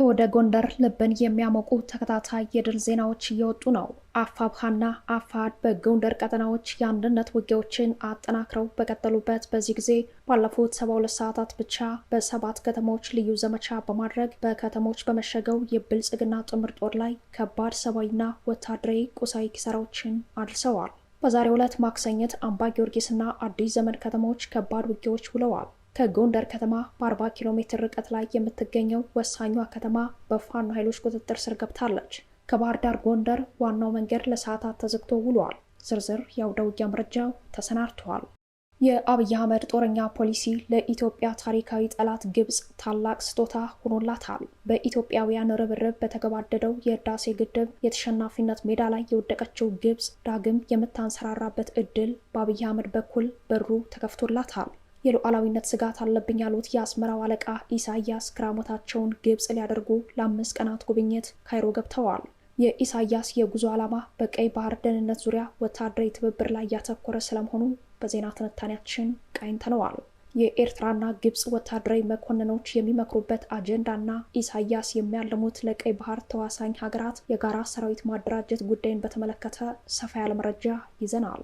ከወደ ጎንደር ልብን የሚያሞቁ ተከታታይ የድል ዜናዎች እየወጡ ነው። አፋብሃና አፋድ በጎንደር ቀጠናዎች የአንድነት ውጊያዎችን አጠናክረው በቀጠሉበት በዚህ ጊዜ ባለፉት ሰባ ሁለት ሰዓታት ብቻ በሰባት ከተሞች ልዩ ዘመቻ በማድረግ በከተሞች በመሸገው የብልጽግና ጥምር ጦር ላይ ከባድ ሰብአዊና ወታደራዊ ቁሳዊ ኪሳራዎችን አድርሰዋል። በዛሬው ዕለት ማክሰኘት አምባ ጊዮርጊስና አዲስ ዘመን ከተሞች ከባድ ውጊያዎች ውለዋል። ከጎንደር ከተማ በ40 ኪሎ ሜትር ርቀት ላይ የምትገኘው ወሳኟ ከተማ በፋኖ ኃይሎች ቁጥጥር ስር ገብታለች። ከባህር ዳር ጎንደር ዋናው መንገድ ለሰዓታት ተዘግቶ ውሏል። ዝርዝር የአውደ ውጊያ መረጃው ተሰናድተዋል። የአብይ አህመድ ጦረኛ ፖሊሲ ለኢትዮጵያ ታሪካዊ ጠላት ግብፅ ታላቅ ስጦታ ሆኖላታል። በኢትዮጵያውያን ርብርብ በተገባደደው የህዳሴ ግድብ የተሸናፊነት ሜዳ ላይ የወደቀችው ግብፅ ዳግም የምታንሰራራበት ዕድል በአብይ አህመድ በኩል በሩ ተከፍቶላታል። የሉዓላዊነት ስጋት አለብኝ ያሉት የአስመራው አለቃ ኢሳያስ ክራሞታቸውን ግብጽ ሊያደርጉ ለአምስት ቀናት ጉብኝት ካይሮ ገብተዋል። የኢሳያስ የጉዞ ዓላማ በቀይ ባህር ደህንነት ዙሪያ ወታደራዊ ትብብር ላይ ያተኮረ ስለመሆኑ በዜና ትንታኔያችን ቃኝተነዋል። የኤርትራና ግብጽ ወታደራዊ መኮንኖች የሚመክሩበት አጀንዳና ኢሳያስ የሚያልሙት ለቀይ ባህር ተዋሳኝ ሀገራት የጋራ ሰራዊት ማደራጀት ጉዳይን በተመለከተ ሰፋ ያለ መረጃ ይዘናል።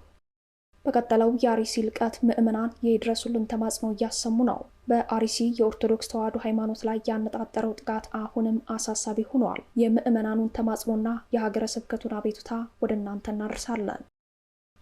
በቀጠለው የአርሲ ልቀት ምዕመናን የድረሱልን ተማጽኖ እያሰሙ ነው። በአርሲ የኦርቶዶክስ ተዋሕዶ ሃይማኖት ላይ ያነጣጠረው ጥቃት አሁንም አሳሳቢ ሆኗል። የምዕመናኑን ተማጽኖና የሀገረ ስብከቱን አቤቱታ ወደ እናንተ እናደርሳለን።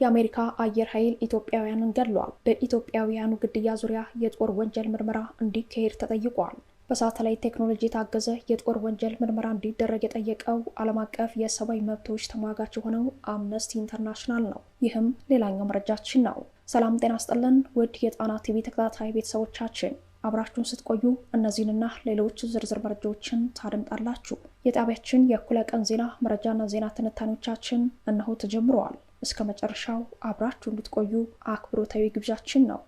የአሜሪካ አየር ኃይል ኢትዮጵያውያንን ገድሏል። በኢትዮጵያውያኑ ግድያ ዙሪያ የጦር ወንጀል ምርመራ እንዲካሄድ ተጠይቋል። በሳተላይት ቴክኖሎጂ የታገዘ የጦር ወንጀል ምርመራ እንዲደረግ የጠየቀው ዓለም አቀፍ የሰብአዊ መብቶች ተሟጋች የሆነው አምነስቲ ኢንተርናሽናል ነው። ይህም ሌላኛው መረጃችን ነው። ሰላም ጤና ስጥልን ውድ የጣና ቲቪ ተከታታይ ቤተሰቦቻችን አብራችሁን ስትቆዩ እነዚህንና ሌሎች ዝርዝር መረጃዎችን ታደምጣላችሁ። የጣቢያችን የእኩለ ቀን ዜና መረጃና ዜና ትንታኔዎቻችን እነሆ ተጀምረዋል። እስከ መጨረሻው አብራችሁ እንድትቆዩ አክብሮታዊ ግብዣችን ነው።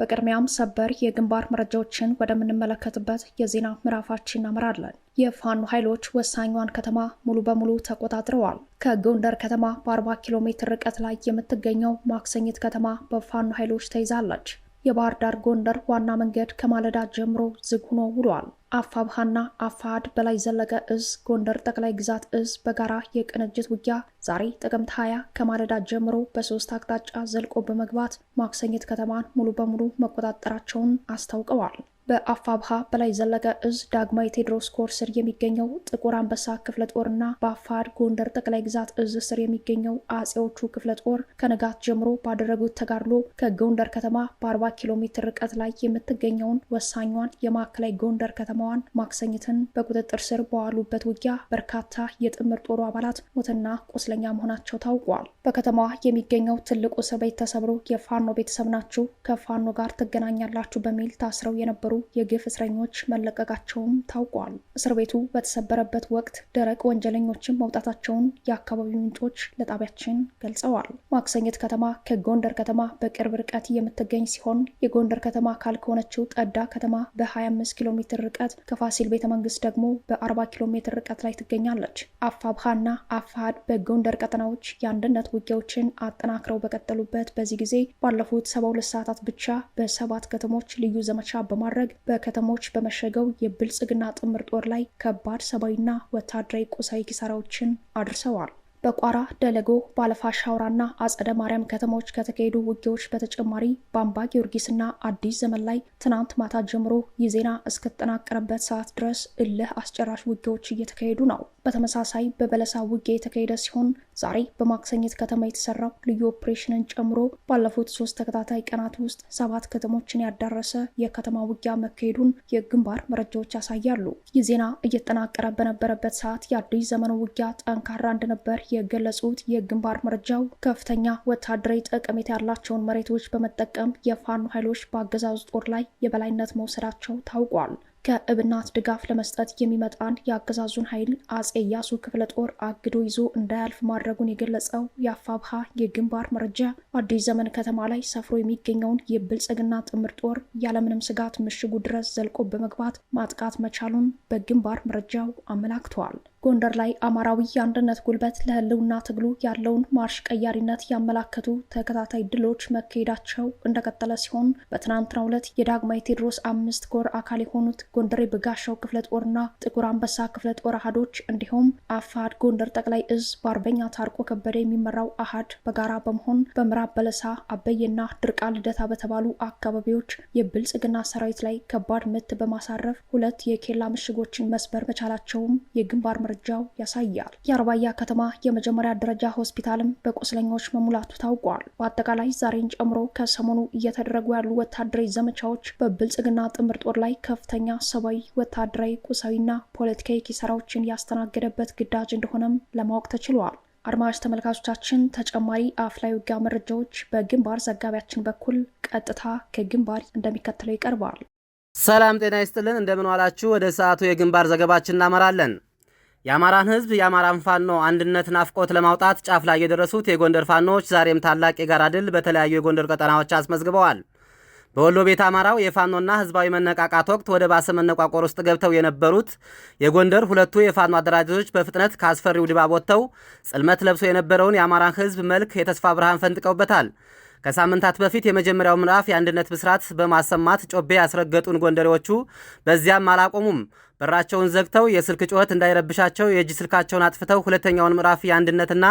በቅድሚያም ሰበር የግንባር መረጃዎችን ወደምንመለከትበት የዜና ምዕራፋችን እናመራለን። የፋኖ ኃይሎች ወሳኟን ከተማ ሙሉ በሙሉ ተቆጣጥረዋል። ከጎንደር ከተማ በ40 ኪሎ ሜትር ርቀት ላይ የምትገኘው ማክሰኝት ከተማ በፋኖ ኃይሎች ተይዛለች። የባህር ዳር ጎንደር ዋና መንገድ ከማለዳ ጀምሮ ዝግ ሆኖ ውሏል። አፋብሃና አፋድ በላይ ዘለቀ እዝ ጎንደር ጠቅላይ ግዛት እዝ በጋራ የቅንጅት ውጊያ ዛሬ ጥቅምት 20 ከማለዳ ጀምሮ በሶስት አቅጣጫ ዘልቆ በመግባት ማክሰኝት ከተማን ሙሉ በሙሉ መቆጣጠራቸውን አስታውቀዋል። በአፋብሃ በላይ ዘለቀ እዝ ዳግማዊ ቴዎድሮስ ኮር ስር የሚገኘው ጥቁር አንበሳ ክፍለ ጦርና በአፋድ ጎንደር ጠቅላይ ግዛት እዝ ስር የሚገኘው አጼዎቹ ክፍለ ጦር ከንጋት ጀምሮ ባደረጉት ተጋድሎ ከጎንደር ከተማ በ40 ኪሎ ሜትር ርቀት ላይ የምትገኘውን ወሳኟን የማዕከላዊ ጎንደር ከተማዋን ማክሰኝትን በቁጥጥር ስር በዋሉበት ውጊያ በርካታ የጥምር ጦሩ አባላት ሞትና ቁስለኛ መሆናቸው ታውቋል። በከተማዋ የሚገኘው ትልቁ እስር ቤት ተሰብሮ የፋኖ ቤተሰብ ናችሁ ከፋኖ ጋር ትገናኛላችሁ በሚል ታስረው የነበሩ የግፍ እስረኞች መለቀቃቸውም ታውቋል። እስር ቤቱ በተሰበረበት ወቅት ደረቅ ወንጀለኞችን መውጣታቸውን የአካባቢው ምንጮች ለጣቢያችን ገልጸዋል። ማክሰኘት ከተማ ከጎንደር ከተማ በቅርብ ርቀት የምትገኝ ሲሆን የጎንደር ከተማ አካል ከሆነችው ጠዳ ከተማ በ25 ኪሎ ሜትር ርቀት፣ ከፋሲል ቤተ መንግስት ደግሞ በ40 ኪሎ ሜትር ርቀት ላይ ትገኛለች። አፋብሃና አፋሃድ በጎንደር ቀጠናዎች የአንድነት ውጊያዎችን አጠናክረው በቀጠሉበት በዚህ ጊዜ ባለፉት 72 ሰዓታት ብቻ በሰባት ከተሞች ልዩ ዘመቻ በማድረግ በማድረግ በከተሞች በመሸገው የብልጽግና ጥምር ጦር ላይ ከባድ ሰብአዊና ወታደራዊ ቁሳዊ ኪሳራዎችን አድርሰዋል። በቋራ ደለጎ፣ ባለፋ ሻውራና አጸደ ማርያም ከተሞች ከተካሄዱ ውጊያዎች በተጨማሪ በአምባ ጊዮርጊስና አዲስ ዘመን ላይ ትናንት ማታ ጀምሮ ይህ ዜና እስከተጠናቀረበት ሰዓት ድረስ እልህ አስጨራሽ ውጊያዎች እየተካሄዱ ነው። በተመሳሳይ በበለሳ ውጊያ የተካሄደ ሲሆን ዛሬ በማክሰኝት ከተማ የተሰራው ልዩ ኦፕሬሽንን ጨምሮ ባለፉት ሶስት ተከታታይ ቀናት ውስጥ ሰባት ከተሞችን ያዳረሰ የከተማ ውጊያ መካሄዱን የግንባር መረጃዎች ያሳያሉ። ይህ ዜና እየተጠናቀረ በነበረበት ሰዓት የአዲስ ዘመኑ ውጊያ ጠንካራ እንደነበር የገለጹት የግንባር መረጃው ከፍተኛ ወታደራዊ ጠቀሜታ ያላቸውን መሬቶች በመጠቀም የፋኖ ኃይሎች በአገዛዙ ጦር ላይ የበላይነት መውሰዳቸው ታውቋል። ከእብናት ድጋፍ ለመስጠት የሚመጣን የአገዛዙን ኃይል አጼ ኢያሱ ክፍለ ጦር አግዶ ይዞ እንዳያልፍ ማድረጉን የገለጸው የአፋብሃ የግንባር መረጃ አዲስ ዘመን ከተማ ላይ ሰፍሮ የሚገኘውን የብልጽግና ጥምር ጦር ያለምንም ስጋት ምሽጉ ድረስ ዘልቆ በመግባት ማጥቃት መቻሉን በግንባር መረጃው አመላክተዋል። ጎንደር ላይ አማራዊ የአንድነት ጉልበት ለህልውና ትግሉ ያለውን ማርሽ ቀያሪነት ያመላከቱ ተከታታይ ድሎች መካሄዳቸው እንደቀጠለ ሲሆን በትናንትናው ዕለት የዳግማዊ ቴዎድሮስ አምስት ኮር አካል የሆኑት ጎንደር የበጋሻው ክፍለ ጦርና ጥቁር አንበሳ ክፍለ ጦር አህዶች እንዲሁም አፋድ ጎንደር ጠቅላይ እዝ በአርበኛ ታርቆ ከበደ የሚመራው አሃድ በጋራ በመሆን በምዕራብ በለሳ አበይና ድርቃ ልደታ በተባሉ አካባቢዎች የብልጽግና ሰራዊት ላይ ከባድ ምት በማሳረፍ ሁለት የኬላ ምሽጎችን መስበር መቻላቸውም የግንባር መረጃ መረጃው ያሳያል። የአርባያ ከተማ የመጀመሪያ ደረጃ ሆስፒታልም በቁስለኞች መሙላቱ ታውቋል። በአጠቃላይ ዛሬን ጨምሮ ከሰሞኑ እየተደረጉ ያሉ ወታደራዊ ዘመቻዎች በብልጽግና ጥምር ጦር ላይ ከፍተኛ ሰብአዊ፣ ወታደራዊ፣ ቁሳዊና ፖለቲካዊ ኪሳራዎችን ያስተናገደበት ግዳጅ እንደሆነም ለማወቅ ተችሏል። አድማጭ ተመልካቾቻችን ተጨማሪ አፍላይ ውጊያ መረጃዎች በግንባር ዘጋቢያችን በኩል ቀጥታ ከግንባር እንደሚከተለው ይቀርባል። ሰላም ጤና ይስጥልን፣ እንደምን ዋላችሁ። ወደ ሰዓቱ የግንባር ዘገባችን እናመራለን። የአማራን ህዝብ የአማራን ፋኖ አንድነት ናፍቆት ለማውጣት ጫፍ ላይ የደረሱት የጎንደር ፋኖዎች ዛሬም ታላቅ የጋራ ድል በተለያዩ የጎንደር ቀጠናዎች አስመዝግበዋል። በወሎ ቤት አማራው የፋኖና ህዝባዊ መነቃቃት ወቅት ወደ ባሰ መነቋቆር ውስጥ ገብተው የነበሩት የጎንደር ሁለቱ የፋኖ አደራጆች በፍጥነት ከአስፈሪው ድባብ ወጥተው ጽልመት ለብሶ የነበረውን የአማራን ህዝብ መልክ የተስፋ ብርሃን ፈንጥቀውበታል። ከሳምንታት በፊት የመጀመሪያው ምዕራፍ የአንድነት ብስራት በማሰማት ጮቤ ያስረገጡን ጎንደሬዎቹ በዚያም አላቆሙም። በራቸውን ዘግተው የስልክ ጩኸት እንዳይረብሻቸው የእጅ ስልካቸውን አጥፍተው ሁለተኛውን ምዕራፍ የአንድነትና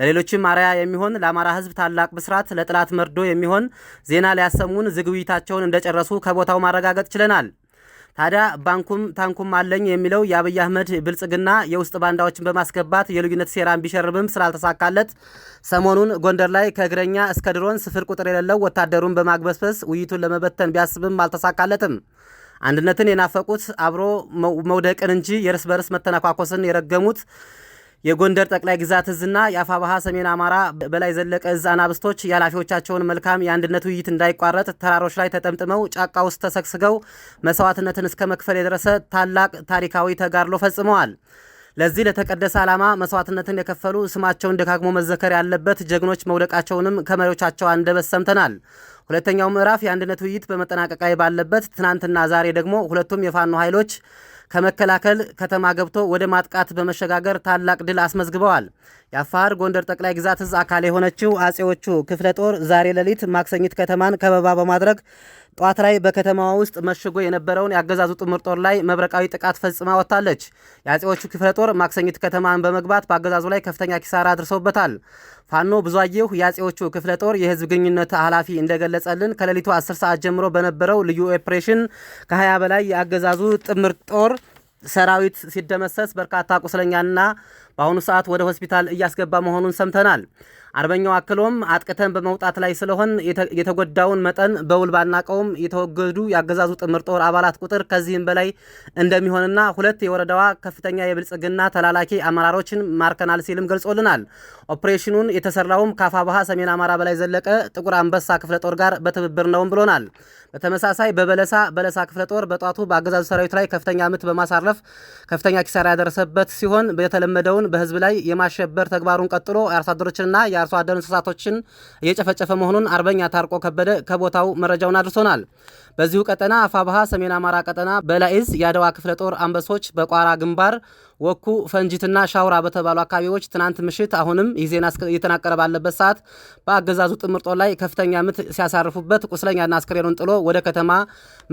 ለሌሎችም አርያ የሚሆን ለአማራ ሕዝብ ታላቅ ብስራት ለጥላት መርዶ የሚሆን ዜና ሊያሰሙን ዝግጅታቸውን እንደጨረሱ ከቦታው ማረጋገጥ ችለናል። ታዲያ ባንኩም ታንኩም አለኝ የሚለው የአብይ አህመድ ብልጽግና የውስጥ ባንዳዎችን በማስገባት የልዩነት ሴራን ቢሸርብም ስላልተሳካለት ሰሞኑን ጎንደር ላይ ከእግረኛ እስከ ድሮን ስፍር ቁጥር የሌለው ወታደሩን በማግበስበስ ውይይቱን ለመበተን ቢያስብም አልተሳካለትም። አንድነትን የናፈቁት አብሮ መውደቅን እንጂ የእርስ በርስ መተነኳኮስን የረገሙት የጎንደር ጠቅላይ ግዛት እዝና የአፋባሃ ሰሜን አማራ በላይ ዘለቀ እዝ አናብስቶች የኃላፊዎቻቸውን መልካም የአንድነት ውይይት እንዳይቋረጥ ተራሮች ላይ ተጠምጥመው ጫካ ውስጥ ተሰግስገው መስዋዕትነትን እስከ መክፈል የደረሰ ታላቅ ታሪካዊ ተጋድሎ ፈጽመዋል። ለዚህ ለተቀደሰ ዓላማ መስዋዕትነትን የከፈሉ ስማቸውን ደጋግሞ መዘከር ያለበት ጀግኖች መውደቃቸውንም ከመሪዎቻቸው አንደበት ሰምተናል። ሁለተኛው ምዕራፍ የአንድነት ውይይት ላይ ባለበት ትናንትና ዛሬ ደግሞ ሁለቱም የፋኖ ኃይሎች ከመከላከል ከተማ ገብቶ ወደ ማጥቃት በመሸጋገር ታላቅ ድል አስመዝግበዋል። የአፋር ጎንደር ጠቅላይ ግዛት እዝ አካል የሆነችው አጼዎቹ ክፍለ ጦር ዛሬ ሌሊት ማክሰኝት ከተማን ከበባ በማድረግ ጧት ላይ በከተማዋ ውስጥ መሽጎ የነበረውን የአገዛዙ ጥምር ጦር ላይ መብረቃዊ ጥቃት ፈጽማ ወጥታለች። የአጼዎቹ ክፍለ ጦር ማክሰኝት ከተማን በመግባት በአገዛዙ ላይ ከፍተኛ ኪሳራ አድርሰውበታል። ፋኖ አየሁ የአጼዎቹ ክፍለ ጦር የህዝብ ግንኙነት ኃላፊ እንደገለጸልን ከሌሊቱ 10 ሰዓት ጀምሮ በነበረው ልዩ ኦፕሬሽን ከ20 በላይ የአገዛዙ ጥምር ጦር ሰራዊት ሲደመሰስ በርካታ ቁስለኛና በአሁኑ ሰዓት ወደ ሆስፒታል እያስገባ መሆኑን ሰምተናል። አርበኛው አክሎም አጥቅተን በመውጣት ላይ ስለሆን የተጎዳውን መጠን በውል ባናቀውም የተወገዱ የአገዛዙ ጥምር ጦር አባላት ቁጥር ከዚህም በላይ እንደሚሆንና ሁለት የወረዳዋ ከፍተኛ የብልጽግና ተላላኪ አመራሮችን ማርከናል ሲልም ገልጾልናል። ኦፕሬሽኑን የተሰራውም ከአፋባሃ ሰሜን አማራ በላይ ዘለቀ ጥቁር አንበሳ ክፍለ ጦር ጋር በትብብር ነውም ብሎናል። በተመሳሳይ በበለሳ በለሳ ክፍለ ጦር በጧቱ በአገዛዙ ሰራዊት ላይ ከፍተኛ ምት በማሳረፍ ከፍተኛ ኪሳራ ያደረሰበት ሲሆን የተለመደውን በህዝብ ላይ የማሸበር ተግባሩን ቀጥሎ የአርሶ አደሮችንና አርሶ አደር እንስሳቶችን እየጨፈጨፈ መሆኑን አርበኛ ታርቆ ከበደ ከቦታው መረጃውን አድርሶናል። በዚሁ ቀጠና አፋብሃ ሰሜን አማራ ቀጠና በላይዝ የአደዋ ክፍለ ጦር አንበሶች በቋራ ግንባር ወኩ፣ ፈንጂትና ሻውራ በተባሉ አካባቢዎች ትናንት ምሽት አሁንም ይህ ዜና እየተናቀረ ባለበት ሰዓት በአገዛዙ ጥምር ጦር ላይ ከፍተኛ ምት ሲያሳርፉበት ቁስለኛና አስክሬኑን ጥሎ ወደ ከተማ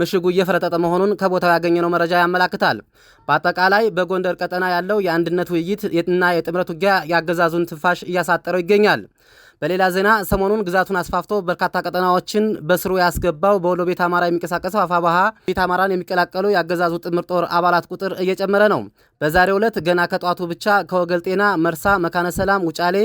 ምሽጉ እየፈረጠጠ መሆኑን ከቦታው ያገኘነው መረጃ ያመላክታል። በአጠቃላይ በጎንደር ቀጠና ያለው የአንድነት ውይይት እና የጥምረት ውጊያ የአገዛዙን ትንፋሽ እያሳጠረው ይገኛል። በሌላ ዜና ሰሞኑን ግዛቱን አስፋፍቶ በርካታ ቀጠናዎችን በስሩ ያስገባው በወሎ ቤት አማራ የሚንቀሳቀሰው አፋባሃ ቤት አማራን የሚቀላቀሉ የአገዛዙ ጥምር ጦር አባላት ቁጥር እየጨመረ ነው። በዛሬው ዕለት ገና ከጧቱ ብቻ ከወገል ጤና፣ መርሳ፣ መካነ ሰላም፣ ውጫሌ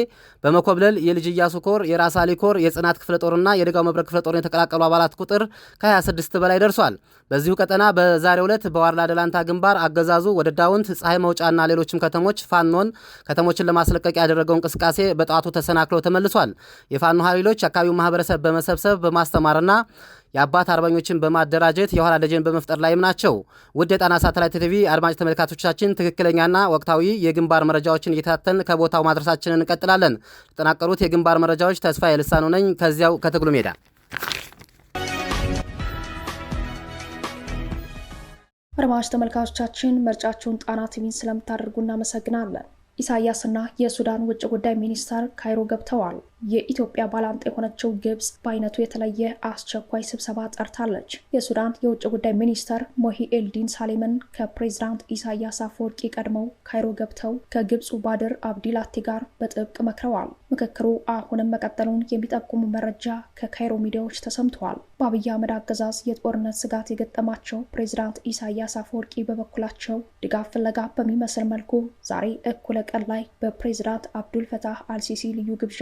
በመኮብለል የልጅ እያሱ ኮር፣ የራስ አሊ ኮር፣ የጽናት ክፍለ ጦርና የደጋው መብረቅ ክፍለ ጦርን የተቀላቀሉ አባላት ቁጥር ከ26 በላይ ደርሷል። በዚሁ ቀጠና በዛሬው ዕለት በዋርላ ደላንታ ግንባር አገዛዙ ወደ ዳውንት ፀሐይ መውጫና ሌሎችም ከተሞች ፋኖን ከተሞችን ለማስለቀቅ ያደረገው እንቅስቃሴ በጠዋቱ ተሰናክሎ ተመልሷል። የፋኖ ኃይሎች አካባቢው ማህበረሰብ በመሰብሰብ በማስተማርና የአባት አርበኞችን በማደራጀት የኋላ ደጀን በመፍጠር ላይም ናቸው። ውድ የጣና ሳተላይት ቲቪ አድማጭ ተመልካቾቻችን ትክክለኛና ወቅታዊ የግንባር መረጃዎችን እየተታተን ከቦታው ማድረሳችንን እንቀጥላለን። የተጠናቀሩት የግንባር መረጃዎች ተስፋ የልሳኑ ነኝ ከዚያው ከትግሉ ሜዳ አድማጭ ተመልካቾቻችን ምርጫችሁን ጣና ቲቪን ስለምታደርጉ እናመሰግናለን። ኢሳያስና የሱዳን ውጭ ጉዳይ ሚኒስተር ካይሮ ገብተዋል። የኢትዮጵያ ባላንጣ የሆነችው ግብጽ በአይነቱ የተለየ አስቸኳይ ስብሰባ ጠርታለች። የሱዳን የውጭ ጉዳይ ሚኒስተር ሞሂ ኤልዲን ሳሌምን ከፕሬዚዳንት ኢሳያስ አፈወርቂ ቀድመው ካይሮ ገብተው ከግብፁ ባድር አብዲላቲ ጋር በጥብቅ መክረዋል። ምክክሩ አሁንም መቀጠሉን የሚጠቁሙ መረጃ ከካይሮ ሚዲያዎች ተሰምተዋል። በአብይ አህመድ አገዛዝ የጦርነት ስጋት የገጠማቸው ፕሬዚዳንት ኢሳያስ አፈወርቂ በበኩላቸው ድጋፍ ፍለጋ በሚመስል መልኩ ዛሬ እኩለ ቀን ላይ በፕሬዚዳንት አብዱልፈታህ ፈታህ አልሲሲ ልዩ ግብዣ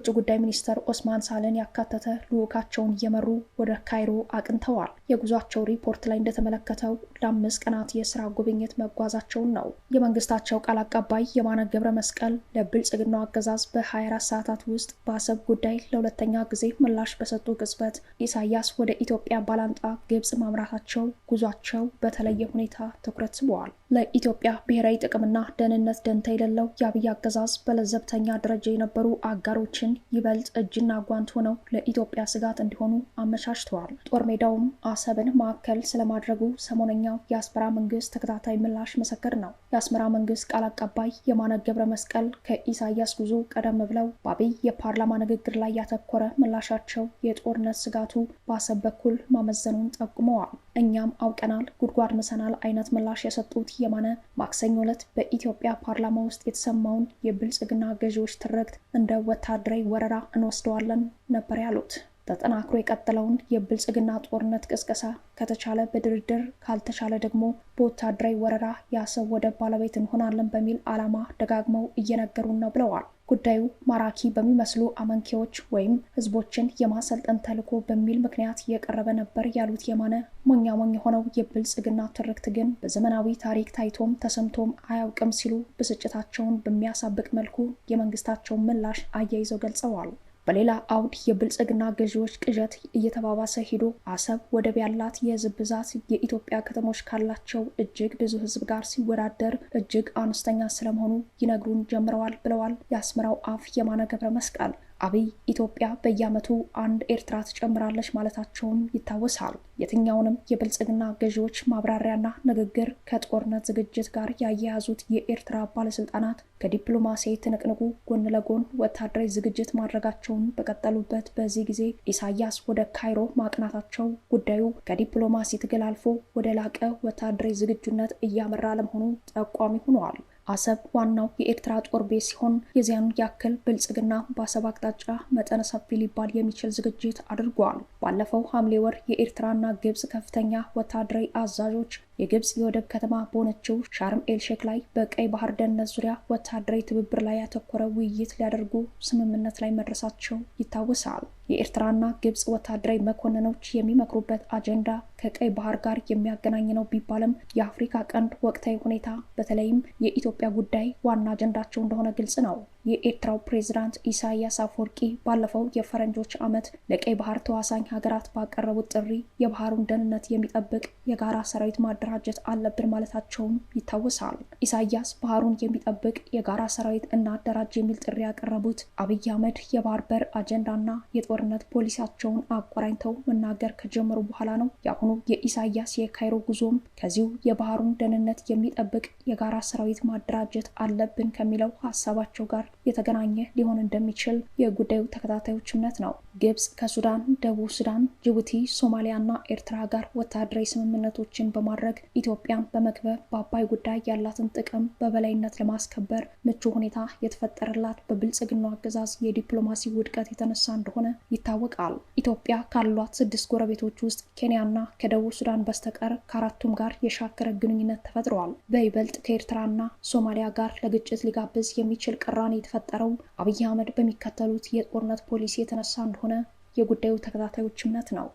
የውጭ ጉዳይ ሚኒስትር ኦስማን ሳለን ያካተተ ልዑካቸውን እየመሩ ወደ ካይሮ አቅንተዋል። የጉዟቸው ሪፖርት ላይ እንደተመለከተው ለአምስት ቀናት የስራ ጉብኝት መጓዛቸውን ነው። የመንግስታቸው ቃል አቀባይ የማነ ገብረ መስቀል ለብልጽግናው አገዛዝ በ24 ሰዓታት ውስጥ በአሰብ ጉዳይ ለሁለተኛ ጊዜ ምላሽ በሰጡ ቅጽበት ኢሳያስ ወደ ኢትዮጵያ ባላንጣ ግብጽ ማምራታቸው ጉዟቸው በተለየ ሁኔታ ትኩረት ስበዋል። ለኢትዮጵያ ብሔራዊ ጥቅምና ደህንነት ደንታ የሌለው የአብይ አገዛዝ በለዘብተኛ ደረጃ የነበሩ አጋሮችን ይበልጥ እጅና ጓንት ሆነው ለኢትዮጵያ ስጋት እንዲሆኑ አመቻችተዋል። ጦር ሜዳውም አሰብን ማዕከል ስለማድረጉ ሰሞነኛው የአስመራ መንግስት ተከታታይ ምላሽ ምስክር ነው። የአስመራ መንግስት ቃል አቀባይ የማነ ገብረ መስቀል ከኢሳያስ ጉዞ ቀደም ብለው በአብይ የፓርላማ ንግግር ላይ ያተኮረ ምላሻቸው የጦርነት ስጋቱ በአሰብ በኩል ማመዘኑን ጠቁመዋል። እኛም አውቀናል ጉድጓድ ምሰናል አይነት ምላሽ የሰጡት የማነ ማክሰኞ ዕለት በኢትዮጵያ ፓርላማ ውስጥ የተሰማውን የብልጽግና ገዢዎች ትርክት እንደ ወታደራዊ ወረራ እንወስደዋለን ነበር ያሉት። ተጠናክሮ የቀጠለውን የብልጽግና ጦርነት ቅስቀሳ ከተቻለ በድርድር ካልተቻለ ደግሞ በወታደራዊ ወረራ የአሰብ ወደብ ባለቤት እንሆናለን በሚል ዓላማ ደጋግመው እየነገሩን ነው ብለዋል። ጉዳዩ ማራኪ በሚመስሉ አመንኪዎች ወይም ህዝቦችን የማሰልጠን ተልዕኮ በሚል ምክንያት የቀረበ ነበር ያሉት የማነ ሞኛ ሞኝ የሆነው የብልጽግና ትርክት ግን በዘመናዊ ታሪክ ታይቶም ተሰምቶም አያውቅም ሲሉ ብስጭታቸውን በሚያሳብቅ መልኩ የመንግስታቸውን ምላሽ አያይዘው ገልጸዋል። በሌላ አውድ የብልጽግና ገዢዎች ቅዠት እየተባባሰ ሄዶ አሰብ ወደብ ያላት የህዝብ ብዛት የኢትዮጵያ ከተሞች ካላቸው እጅግ ብዙ ህዝብ ጋር ሲወዳደር እጅግ አነስተኛ ስለመሆኑ ይነግሩን ጀምረዋል ብለዋል የአስመራው አፍ የማነ ገብረ መስቀል። አብይ ኢትዮጵያ በየዓመቱ አንድ ኤርትራ ትጨምራለች ማለታቸውም ይታወሳል። የትኛውንም የብልጽግና ገዢዎች ማብራሪያና ንግግር ከጦርነት ዝግጅት ጋር ያያያዙት የኤርትራ ባለስልጣናት ከዲፕሎማሲ ትንቅንቁ ጎን ለጎን ወታደራዊ ዝግጅት ማድረጋቸውን በቀጠሉበት በዚህ ጊዜ ኢሳያስ ወደ ካይሮ ማቅናታቸው ጉዳዩ ከዲፕሎማሲ ትግል አልፎ ወደ ላቀ ወታደራዊ ዝግጁነት እያመራ ለመሆኑ ጠቋሚ ሆነዋል። አሰብ ዋናው የኤርትራ ጦር ቤት ሲሆን የዚያን ያክል ብልጽግና በአሰብ አቅጣጫ መጠነ ሰፊ ሊባል የሚችል ዝግጅት አድርጓል። ባለፈው ሐምሌ ወር የኤርትራና ግብጽ ከፍተኛ ወታደራዊ አዛዦች የግብጽ የወደብ ከተማ በሆነችው ሻርም ኤልሼክ ላይ በቀይ ባህር ደህንነት ዙሪያ ወታደራዊ ትብብር ላይ ያተኮረ ውይይት ሊያደርጉ ስምምነት ላይ መድረሳቸው ይታወሳል። የኤርትራና ግብጽ ወታደራዊ መኮንኖች የሚመክሩበት አጀንዳ ከቀይ ባህር ጋር የሚያገናኝ ነው ቢባልም የአፍሪካ ቀንድ ወቅታዊ ሁኔታ በተለይም የኢትዮጵያ ጉዳይ ዋና አጀንዳቸው እንደሆነ ግልጽ ነው። የኤርትራው ፕሬዝዳንት ኢሳያስ አፈወርቂ ባለፈው የፈረንጆች ዓመት ለቀይ ባህር ተዋሳኝ ሀገራት ባቀረቡት ጥሪ የባህሩን ደህንነት የሚጠብቅ የጋራ ሰራዊት ማደራጀት አለብን ማለታቸውም ይታወሳል። ኢሳያስ ባህሩን የሚጠብቅ የጋራ ሰራዊት እናደራጅ የሚል ጥሪ ያቀረቡት አብይ አህመድ የባህር በር አጀንዳና የጦርነት ፖሊሲያቸውን አቆራኝተው መናገር ከጀመሩ በኋላ ነው። የአሁኑ የኢሳያስ የካይሮ ጉዞም ከዚሁ የባህሩን ደህንነት የሚጠብቅ የጋራ ሰራዊት ማደራጀት አለብን ከሚለው ሀሳባቸው ጋር የተገናኘ ሊሆን እንደሚችል የጉዳዩ ተከታታዮች እምነት ነው። ግብጽ ከሱዳን፣ ደቡብ ሱዳን፣ ጅቡቲ፣ ሶማሊያና ኤርትራ ጋር ወታደራዊ ስምምነቶችን በማድረግ ኢትዮጵያን በመክበብ በአባይ ጉዳይ ያላትን ጥቅም በበላይነት ለማስከበር ምቹ ሁኔታ የተፈጠረላት በብልጽግናው አገዛዝ የዲፕሎማሲ ውድቀት የተነሳ እንደሆነ ይታወቃል። ኢትዮጵያ ካሏት ስድስት ጎረቤቶች ውስጥ ኬንያና ከደቡብ ሱዳን በስተቀር ከአራቱም ጋር የሻከረ ግንኙነት ተፈጥረዋል። በይበልጥ ከኤርትራና ሶማሊያ ጋር ለግጭት ሊጋብዝ የሚችል ቅራኔ የተፈጠረው አብይ አህመድ በሚከተሉት የጦርነት ፖሊሲ የተነሳ እንደሆነ የጉዳዩ ተከታታዮች እምነት ነው።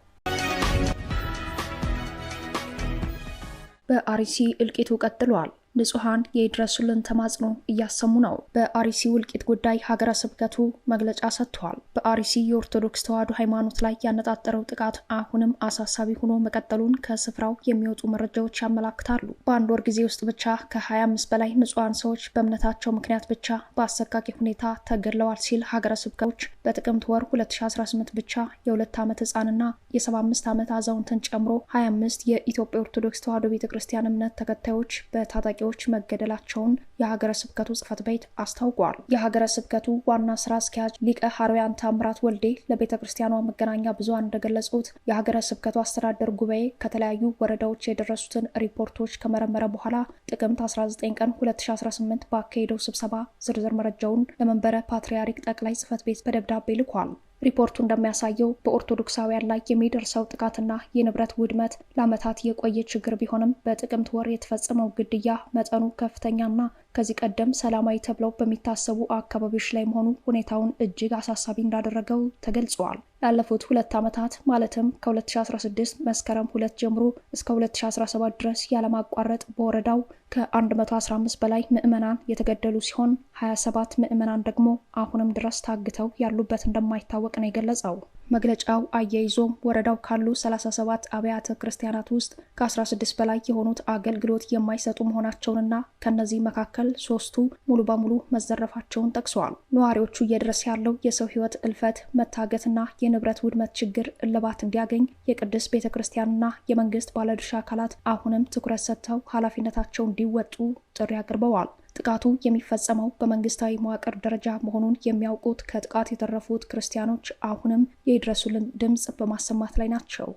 በአርሲ እልቂቱ ቀጥሏል። ንጹሐን የድረሱልን ተማጽኖ እያሰሙ ነው። በአሪሲ ውልቂት ጉዳይ ሀገረ ስብከቱ መግለጫ ሰጥቷል። በአሪሲ የኦርቶዶክስ ተዋሕዶ ሃይማኖት ላይ ያነጣጠረው ጥቃት አሁንም አሳሳቢ ሆኖ መቀጠሉን ከስፍራው የሚወጡ መረጃዎች ያመላክታሉ። በአንድ ወር ጊዜ ውስጥ ብቻ ከ25 በላይ ንጹሐን ሰዎች በእምነታቸው ምክንያት ብቻ በአሰቃቂ ሁኔታ ተገድለዋል ሲል ሀገረ ስብከቶች በጥቅምት ወር 2018 ብቻ የሁለት ዓመት ህፃንና የ75 ዓመት አዛውንትን ጨምሮ 25 የኢትዮጵያ ኦርቶዶክስ ተዋሕዶ ቤተ ክርስቲያን እምነት ተከታዮች በታጣቂ ታጣቂዎች መገደላቸውን የሀገረ ስብከቱ ጽፈት ቤት አስታውቋል። የሀገረ ስብከቱ ዋና ስራ አስኪያጅ ሊቀ ሐዋርያን ታምራት ወልዴ ለቤተ ክርስቲያኗ መገናኛ ብዙሃን እንደገለጹት የሀገረ ስብከቱ አስተዳደር ጉባኤ ከተለያዩ ወረዳዎች የደረሱትን ሪፖርቶች ከመረመረ በኋላ ጥቅምት 19 ቀን 2018 ባካሄደው ስብሰባ ዝርዝር መረጃውን ለመንበረ ፓትርያርክ ጠቅላይ ጽፈት ቤት በደብዳቤ ልኳል። ሪፖርቱ እንደሚያሳየው በኦርቶዶክሳውያን ላይ የሚደርሰው ጥቃትና የንብረት ውድመት ለዓመታት የቆየ ችግር ቢሆንም በጥቅምት ወር የተፈጸመው ግድያ መጠኑ ከፍተኛና ከዚህ ቀደም ሰላማዊ ተብለው በሚታሰቡ አካባቢዎች ላይ መሆኑ ሁኔታውን እጅግ አሳሳቢ እንዳደረገው ተገልጿል። ላለፉት ሁለት ዓመታት ማለትም ከ2016 መስከረም ሁለት ጀምሮ እስከ 2017 ድረስ ያለማቋረጥ በወረዳው ከ115 በላይ ምዕመናን የተገደሉ ሲሆን 27 ምዕመናን ደግሞ አሁንም ድረስ ታግተው ያሉበት እንደማይታወቅ ነው የገለጸው። መግለጫው አያይዞም ወረዳው ካሉ 37 አብያተ ክርስቲያናት ውስጥ ከ16 በላይ የሆኑት አገልግሎት የማይሰጡ መሆናቸውንና ከነዚህ መካከል ሶስቱ ሙሉ በሙሉ መዘረፋቸውን ጠቅሰዋል። ነዋሪዎቹ እየደረሰ ያለው የሰው ሕይወት እልፈት፣ መታገትና የንብረት ውድመት ችግር እልባት እንዲያገኝ የቅድስት ቤተ ክርስቲያንና የመንግስት ባለድርሻ አካላት አሁንም ትኩረት ሰጥተው ኃላፊነታቸው እንዲወጡ ጥሪ አቅርበዋል። ጥቃቱ የሚፈጸመው በመንግስታዊ መዋቅር ደረጃ መሆኑን የሚያውቁት ከጥቃት የተረፉት ክርስቲያኖች አሁንም የይድረሱልን ድምፅ በማሰማት ላይ ናቸው።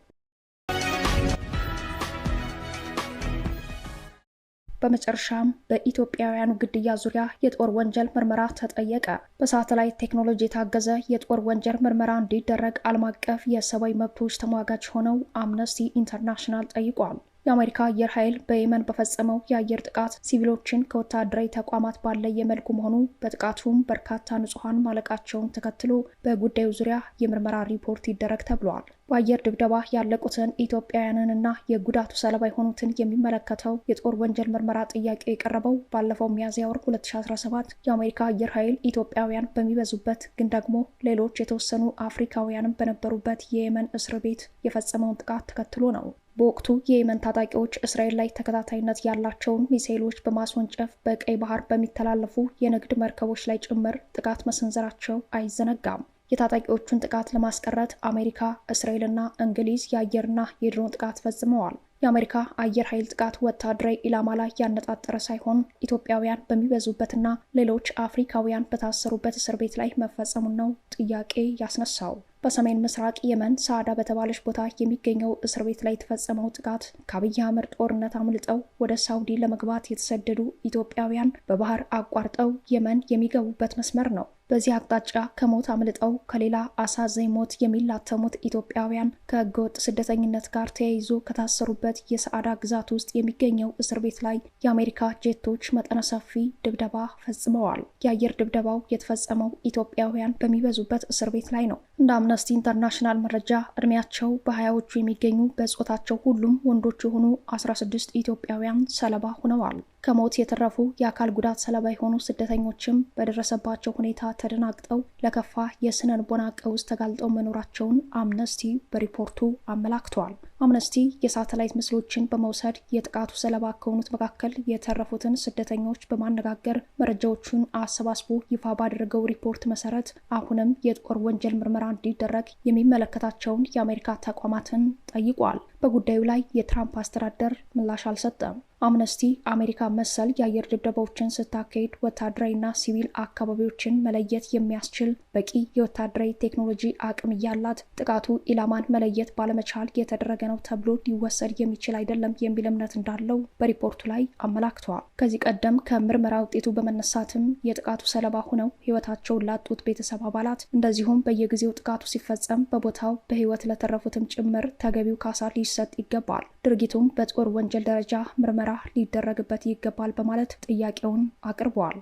በመጨረሻም በኢትዮጵያውያኑ ግድያ ዙሪያ የጦር ወንጀል ምርመራ ተጠየቀ። በሳተላይት ቴክኖሎጂ የታገዘ የጦር ወንጀል ምርመራ እንዲደረግ ዓለም አቀፍ የሰብአዊ መብቶች ተሟጋች ሆነው አምነስቲ ኢንተርናሽናል ጠይቋል። የአሜሪካ አየር ኃይል በየመን በፈጸመው የአየር ጥቃት ሲቪሎችን ከወታደራዊ ተቋማት ባለየ መልኩ መሆኑ በጥቃቱም በርካታ ንጹሐን ማለቃቸውን ተከትሎ በጉዳዩ ዙሪያ የምርመራ ሪፖርት ይደረግ ተብሏል። በአየር ድብደባ ያለቁትን ኢትዮጵያውያንንና የጉዳቱ ሰለባ የሆኑትን የሚመለከተው የጦር ወንጀል ምርመራ ጥያቄ የቀረበው ባለፈው ሚያዝያ ወር 2017 የአሜሪካ አየር ኃይል ኢትዮጵያውያን በሚበዙበት ግን ደግሞ ሌሎች የተወሰኑ አፍሪካውያንም በነበሩበት የየመን እስር ቤት የፈጸመውን ጥቃት ተከትሎ ነው። በወቅቱ የየመን ታጣቂዎች እስራኤል ላይ ተከታታይነት ያላቸውን ሚሳይሎች በማስወንጨፍ በቀይ ባህር በሚተላለፉ የንግድ መርከቦች ላይ ጭምር ጥቃት መሰንዘራቸው አይዘነጋም። የታጣቂዎቹን ጥቃት ለማስቀረት አሜሪካ፣ እስራኤልና እንግሊዝ የአየርና የድሮን ጥቃት ፈጽመዋል። የአሜሪካ አየር ኃይል ጥቃት ወታደራዊ ኢላማ ላይ ያነጣጠረ ሳይሆን ኢትዮጵያውያን በሚበዙበትና ሌሎች አፍሪካውያን በታሰሩበት እስር ቤት ላይ መፈጸሙን ነው ጥያቄ ያስነሳው። በሰሜን ምስራቅ የመን ሳዕዳ በተባለች ቦታ የሚገኘው እስር ቤት ላይ የተፈጸመው ጥቃት ከአብይ አህመድ ጦርነት አምልጠው ወደ ሳውዲ ለመግባት የተሰደዱ ኢትዮጵያውያን በባህር አቋርጠው የመን የሚገቡበት መስመር ነው። በዚህ አቅጣጫ ከሞት አምልጠው ከሌላ አሳዛኝ ሞት የሚላተሙት ኢትዮጵያውያን ከህገወጥ ስደተኝነት ጋር ተያይዞ ከታሰሩበት የሰዓዳ ግዛት ውስጥ የሚገኘው እስር ቤት ላይ የአሜሪካ ጄቶች መጠነ ሰፊ ድብደባ ፈጽመዋል። የአየር ድብደባው የተፈጸመው ኢትዮጵያውያን በሚበዙበት እስር ቤት ላይ ነው። እንደ አምነስቲ ኢንተርናሽናል መረጃ እድሜያቸው በሀያዎቹ የሚገኙ በጾታቸው ሁሉም ወንዶች የሆኑ 16 ኢትዮጵያውያን ሰለባ ሆነዋል። ከሞት የተረፉ የአካል ጉዳት ሰለባ የሆኑ ስደተኞችም በደረሰባቸው ሁኔታ ተደናግጠው ለከፋ የስነ ልቦና ቀውስ ተጋልጠው መኖራቸውን አምነስቲ በሪፖርቱ አመላክተዋል። አምነስቲ የሳተላይት ምስሎችን በመውሰድ የጥቃቱ ሰለባ ከሆኑት መካከል የተረፉትን ስደተኞች በማነጋገር መረጃዎቹን አሰባስቦ ይፋ ባደረገው ሪፖርት መሰረት አሁንም የጦር ወንጀል ምርመራ እንዲደረግ የሚመለከታቸውን የአሜሪካ ተቋማትን ጠይቋል። በጉዳዩ ላይ የትራምፕ አስተዳደር ምላሽ አልሰጠም። አምነስቲ አሜሪካ መሰል የአየር ድብደባዎችን ስታካሄድ ወታደራዊና ሲቪል አካባቢዎችን መለየት የሚያስችል በቂ የወታደራዊ ቴክኖሎጂ አቅም እያላት ጥቃቱ ኢላማን መለየት ባለመቻል የተደረገ ነው ተብሎ ሊወሰድ የሚችል አይደለም የሚል እምነት እንዳለው በሪፖርቱ ላይ አመላክተዋል። ከዚህ ቀደም ከምርመራ ውጤቱ በመነሳትም የጥቃቱ ሰለባ ሆነው ሕይወታቸውን ላጡት ቤተሰብ አባላት እንደዚሁም በየጊዜው ጥቃቱ ሲፈጸም በቦታው በሕይወት ለተረፉትም ጭምር ተገቢው ካሳ ሊሰጥ ይገባል፣ ድርጊቱም በጦር ወንጀል ደረጃ ምርመራ ሊደረግበት ይገባል በማለት ጥያቄውን አቅርቧል።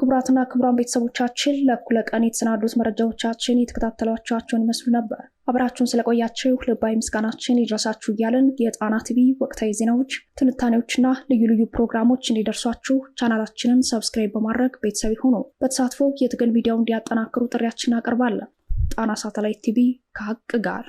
ክቡራትና ክቡራን ቤተሰቦቻችን ለእኩለ ቀን የተሰናዱት መረጃዎቻችን የተከታተሏቸኋቸውን ይመስሉ ነበር። አብራችሁን ስለቆያችሁ ልባዊ ምስጋናችን ይድረሳችሁ እያለን የጣና ቲቪ ወቅታዊ ዜናዎች፣ ትንታኔዎችና ልዩ ልዩ ፕሮግራሞች እንዲደርሷችሁ ቻናላችንን ሰብስክራይብ በማድረግ ቤተሰብ ሆኖ በተሳትፎ የትግል ሚዲያው እንዲያጠናክሩ ጥሪያችን አቀርባለን። ጣና ሳተላይት ቲቪ ከሀቅ ጋር